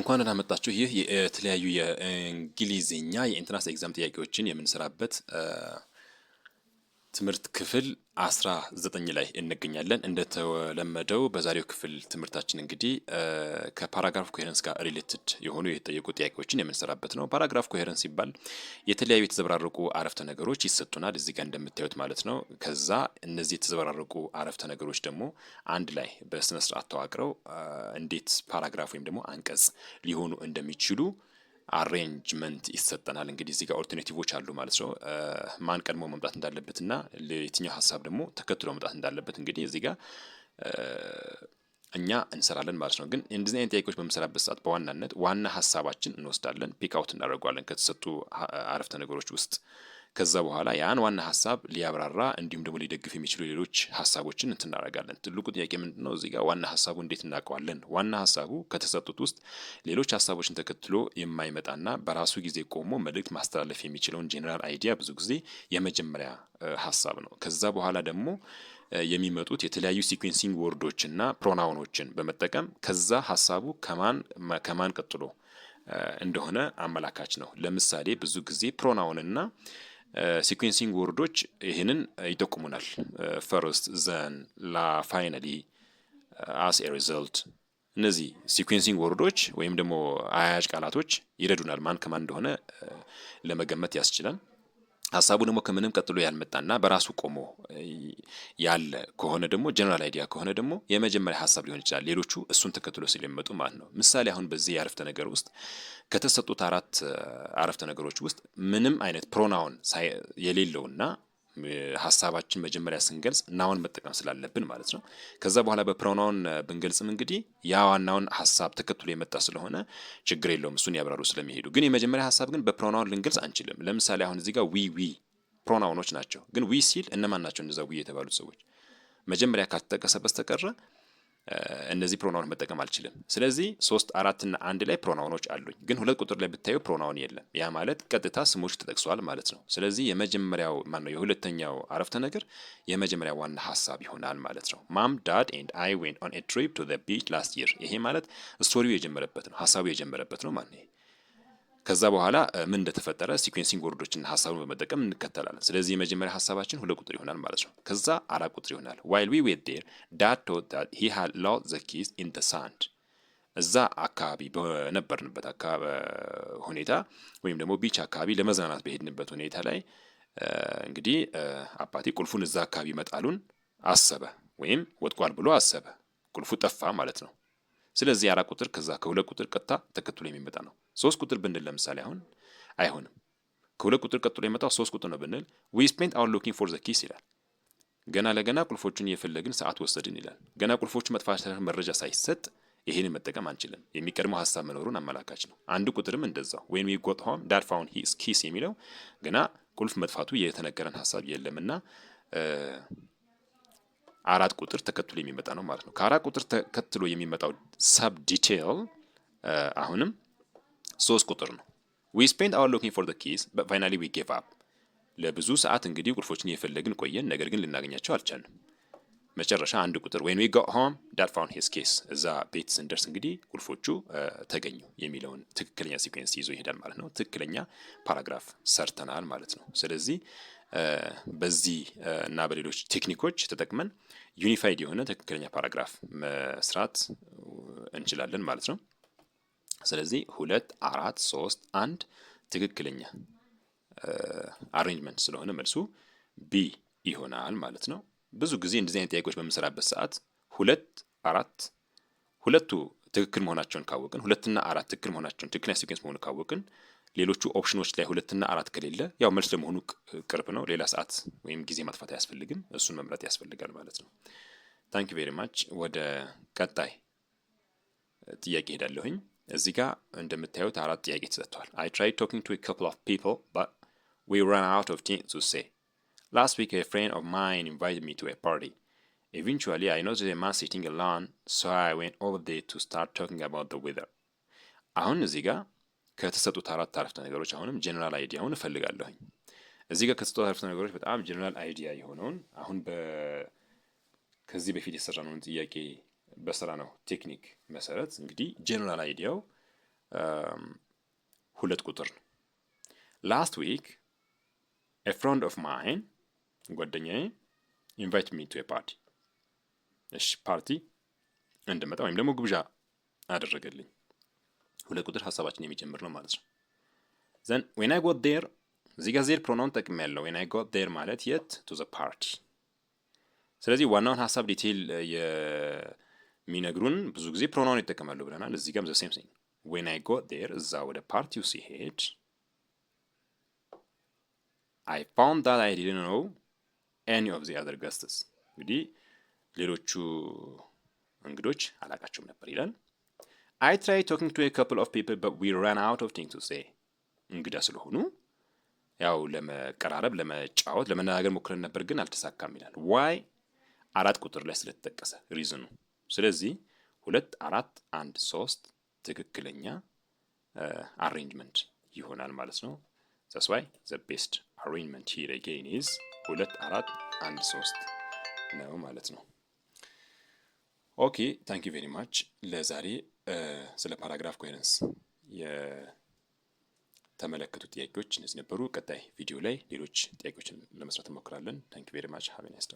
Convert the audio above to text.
እንኳን መጣችሁ ይህ የተለያዩ የእንግሊዝኛ የኢንትራንስ ኤግዛም ጥያቄዎችን የምንሰራበት ትምህርት ክፍል አስራ ዘጠኝ ላይ እንገኛለን። እንደተለመደው በዛሬው ክፍል ትምህርታችን እንግዲህ ከፓራግራፍ ኮሄረንስ ጋር ሪሌትድ የሆኑ የተጠየቁ ጥያቄዎችን የምንሰራበት ነው። ፓራግራፍ ኮሄረንስ ሲባል የተለያዩ የተዘበራረቁ አረፍተ ነገሮች ይሰጡናል፣ እዚህ ጋር እንደምታዩት ማለት ነው። ከዛ እነዚህ የተዘበራረቁ አረፍተ ነገሮች ደግሞ አንድ ላይ በስነስርዓት ተዋቅረው እንዴት ፓራግራፍ ወይም ደግሞ አንቀጽ ሊሆኑ እንደሚችሉ አሬንጅመንት ይሰጠናል። እንግዲህ እዚህ ጋር ኦልተርኔቲቮች አሉ ማለት ነው። ማን ቀድሞ መምጣት እንዳለበትና የትኛው ሀሳብ ደግሞ ተከትሎ መምጣት እንዳለበት እንግዲህ እዚህ ጋር እኛ እንሰራለን ማለት ነው። ግን እንደዚህ አይነት ጥያቄዎች በምሰራበት ሰዓት በዋናነት ዋና ሀሳባችን እንወስዳለን፣ ፒክ አውት እናደርገዋለን ከተሰጡ አረፍተ ነገሮች ውስጥ ከዛ በኋላ ያን ዋና ሀሳብ ሊያብራራ እንዲሁም ደግሞ ሊደግፍ የሚችሉ ሌሎች ሀሳቦችን እንትናረጋለን። ትልቁ ጥያቄ ምንድን ነው? እዚህ ጋር ዋና ሀሳቡ እንዴት እናውቀዋለን? ዋና ሀሳቡ ከተሰጡት ውስጥ ሌሎች ሀሳቦችን ተከትሎ የማይመጣና በራሱ ጊዜ ቆሞ መልእክት ማስተላለፍ የሚችለውን ጄኔራል አይዲያ ብዙ ጊዜ የመጀመሪያ ሀሳብ ነው። ከዛ በኋላ ደግሞ የሚመጡት የተለያዩ ሲኩዌንሲንግ ወርዶችና ፕሮናውኖችን በመጠቀም ከዛ ሀሳቡ ከማን ከማን ቀጥሎ እንደሆነ አመላካች ነው። ለምሳሌ ብዙ ጊዜ ፕሮናውንና ሲኩዌንሲንግ ወርዶች ይህንን ይጠቁሙናል። ፈርስት፣ ዘን፣ ላ፣ ፋይናሊ፣ አስ ኤ ሪዘልት እነዚህ ሲኩዌንሲንግ ወርዶች ወይም ደግሞ አያያዥ ቃላቶች ይረዱናል ማን ከማን እንደሆነ ለመገመት ያስችላል። ሀሳቡ ደግሞ ከምንም ቀጥሎ ያልመጣና በራሱ ቆሞ ያለ ከሆነ ደግሞ ጀነራል አይዲያ ከሆነ ደግሞ የመጀመሪያ ሀሳብ ሊሆን ይችላል። ሌሎቹ እሱን ተከትሎ ስለሚመጡ ማለት ነው። ምሳሌ አሁን በዚህ የአረፍተ ነገር ውስጥ ከተሰጡት አራት አረፍተ ነገሮች ውስጥ ምንም አይነት ፕሮናውን የሌለውና ሀሳባችን መጀመሪያ ስንገልጽ ናውን መጠቀም ስላለብን ማለት ነው። ከዛ በኋላ በፕሮናውን ብንገልጽም እንግዲህ ያ ዋናውን ሀሳብ ተከትሎ የመጣ ስለሆነ ችግር የለውም፣ እሱን ያብራሩ ስለሚሄዱ። ግን የመጀመሪያ ሀሳብ ግን በፕሮናውን ልንገልጽ አንችልም። ለምሳሌ አሁን እዚህ ጋር ዊ ዊ ፕሮናውኖች ናቸው። ግን ዊ ሲል እነማን ናቸው እነዛ ዊ የተባሉት ሰዎች? መጀመሪያ ካልተጠቀሰ በስተቀረ እነዚህ ፕሮናውን መጠቀም አልችልም። ስለዚህ ሶስት አራትና አንድ ላይ ፕሮናውኖች አሉኝ፣ ግን ሁለት ቁጥር ላይ ብታዩ ፕሮናውን የለም። ያ ማለት ቀጥታ ስሞች ተጠቅሰዋል ማለት ነው። ስለዚህ የመጀመሪያው ነው የሁለተኛው አረፍተ ነገር የመጀመሪያ ዋና ሀሳብ ይሆናል ማለት ነው። ማም ዳድ ኤንድ አይ ዌንት ኦን ኤ ትሪፕ ቱ ዘ ቢች ላስት ይር። ይሄ ማለት ስቶሪው የጀመረበት ነው፣ ሀሳቡ የጀመረበት ነው ማለት ነው። ከዛ በኋላ ምን እንደተፈጠረ ሲኩዌንሲንግ ወርዶችን ሀሳቡን በመጠቀም እንከተላለን። ስለዚህ የመጀመሪያ ሀሳባችን ሁለት ቁጥር ይሆናል ማለት ነው። ከዛ አራት ቁጥር ይሆናል። ዋይል ዊ ዌት ዴር ዳድ ቶት ዳት ሂ ሃድ ሎት ዘ ኪዝ ኢን ዘ ሳንድ። እዛ አካባቢ በነበርንበት ሁኔታ ወይም ደግሞ ቢች አካባቢ ለመዝናናት በሄድንበት ሁኔታ ላይ እንግዲህ አባቴ ቁልፉን እዛ አካባቢ መጣሉን አሰበ ወይም ወጥቋል ብሎ አሰበ። ቁልፉ ጠፋ ማለት ነው። ስለዚህ አራት ቁጥር ከዛ ከሁለት ቁጥር ቀጥታ ተከትሎ የሚመጣ ነው። ሶስት ቁጥር ብንል ለምሳሌ አሁን አይሆንም። ከሁለት ቁጥር ቀጥሎ የመጣው ሶስት ቁጥር ነው ብንል ዊ ስፔንት አወር ሎኪንግ ፎር ዘ ኪስ ይላል። ገና ለገና ቁልፎቹን እየፈለግን ሰዓት ወሰድን ይላል። ገና ቁልፎቹ መጥፋታቸውን መረጃ ሳይሰጥ ይህንን መጠቀም አንችልም። የሚቀድመው ሀሳብ መኖሩን አመላካች ነው። አንድ ቁጥርም እንደዛው ወይም ዊጎት ሆም ዳድ ፋውንድ ኪስ የሚለው ገና ቁልፍ መጥፋቱ የተነገረን ሀሳብ የለምና አራት ቁጥር ተከትሎ የሚመጣ ነው ማለት ነው። ከአራት ቁጥር ተከትሎ የሚመጣው ሰብ ዲቴይል አሁንም ሶስት ቁጥር ነው። ዊ ስፔንድ አወር ሎኪንግ ፎር ዘ ኪስ በት ፋይናሊ ዊ ጌቭ አፕ። ለብዙ ሰዓት እንግዲህ ቁልፎችን የፈለግን ቆየን፣ ነገር ግን ልናገኛቸው አልቻልንም። መጨረሻ አንድ ቁጥር ዌን ዊ ጋ ሆም ዳድ ፋውንድ ሂስ ኬስ፣ እዛ ቤት ስንደርስ እንግዲህ ቁልፎቹ ተገኙ የሚለውን ትክክለኛ ሲኩዌንስ ይዞ ይሄዳል ማለት ነው። ትክክለኛ ፓራግራፍ ሰርተናል ማለት ነው። ስለዚህ በዚህ እና በሌሎች ቴክኒኮች ተጠቅመን ዩኒፋይድ የሆነ ትክክለኛ ፓራግራፍ መስራት እንችላለን ማለት ነው። ስለዚህ ሁለት አራት ሶስት አንድ ትክክለኛ አሬንጅመንት ስለሆነ መልሱ ቢ ይሆናል ማለት ነው። ብዙ ጊዜ እንደዚህ አይነት ጥያቄዎች በምንሰራበት ሰዓት ሁለት አራት ሁለቱ ትክክል መሆናቸውን ካወቅን ሁለትና አራት ትክክል መሆናቸውን ትክክለኛ ሲኩዌንስ መሆኑ ካወቅን ሌሎቹ ኦፕሽኖች ላይ ሁለትና አራት ከሌለ ያው መልስ ለመሆኑ ቅርብ ነው። ሌላ ሰዓት ወይም ጊዜ ማጥፋት አያስፈልግም። እሱን መምረጥ ያስፈልጋል ማለት ነው። ታንክ ቬሪ ማች። ወደ ቀጣይ ጥያቄ ሄዳለሁኝ። እዚህ ጋር እንደምታዩት አራት ጥያቄ ተሰጥቷል። አይ ትራይድ ቶኪንግ ቱ ኮፕል ኦፍ ፒፕል በት ዊ ራን አውት ኦፍ ቲንግ ቱ ሴ ላስት ዊክ ኤ ፍሬንድ ኦፍ ማይን ኢንቫይትድ ሚ ቱ ኤ ፓርቲ ኤቨንቹዋሊ አይ ኖትድ ኤ ማን ሲቲንግ አሎን ሶ አይ ዌንት ኦል ዴይ ቱ ስታርት ቶኪንግ አባውት ዘ ዌዘር። አሁን እዚህ ጋር ከተሰጡት አራት አረፍተ ነገሮች አሁንም ጀነራል አይዲያውን እፈልጋለሁኝ። እዚህ ጋር ከተሰጡት አረፍተ ነገሮች በጣም ጀነራል አይዲያ የሆነውን አሁን ከዚህ በፊት የሰራነውን ጥያቄ በስራ ነው ቴክኒክ መሰረት እንግዲህ ጀነራል አይዲያው ሁለት ቁጥር ነው። ላስት ዊክ ኤ ፍሬንድ ኦፍ ማይን ጓደኛዬ ኢንቫይት ሚ ቱ ፓርቲ እሺ ፓርቲ እንድመጣ ወይም ደግሞ ግብዣ አደረገልኝ። ሁለት ቁጥር ሀሳባችን የሚጀምር ነው ማለት ነው። ዘን ዌን አይ ጎት ዴር እዚህ ጋር ዜር ፕሮናውን ጠቅሜ ያለው ዌን አይ ጎት ዴር ማለት የት ቱ ዘ ፓርቲ። ስለዚህ ዋናውን ሀሳብ ዲቴይል የሚነግሩን ብዙ ጊዜ ፕሮናውን ይጠቀማሉ ብለናል። እዚህ ጋም ዘሴም ሲንግ ዌን አይ ጎት ዴር፣ እዛ ወደ ፓርቲው ሲሄድ አይ ፋውንድ ዳት አይ ዲድን ኖው ኤኒ ኦፍ ዚ አዘር ገስትስ፣ እንግዲህ ሌሎቹ እንግዶች አላቃቸውም ነበር ይላል። አይ ትራይ ቶኪንግ ቱ ኤ ካፕል ኦፍ ፒፕል በት ዊ ራን አውት ኦፍ ቲንግ ቱ ሴይ። እንግዳ ስለሆኑ ያው ለመቀራረብ፣ ለመጫወት፣ ለመነጋገር ሞክረን ነበር ግን አልተሳካም ይላል። ዋይ አራት ቁጥር ላይ ስለተጠቀሰ ሪዝኑ ስለዚህ ሁለት አራት አንድ ሶስት ትክክለኛ አሬንጅመንት ይሆናል ማለት ነው። ዛስ ዋይ ዘ ቤስት አሬንጅመንት ሂር አጌን ኢዝ ሁለት አራት አንድ ሶስት ነው ማለት ነው። ኦኬ ታንክ ዩ ቬሪ ማች ለዛሬ ስለ ፓራግራፍ ኮሄረንስ የተመለከቱ ጥያቄዎች እነዚህ ነበሩ። ቀጣይ ቪዲዮ ላይ ሌሎች ጥያቄዎችን ለመስራት እንሞክራለን። ታንክ ዩ ቬሪ ማች ሀቪ ናይስ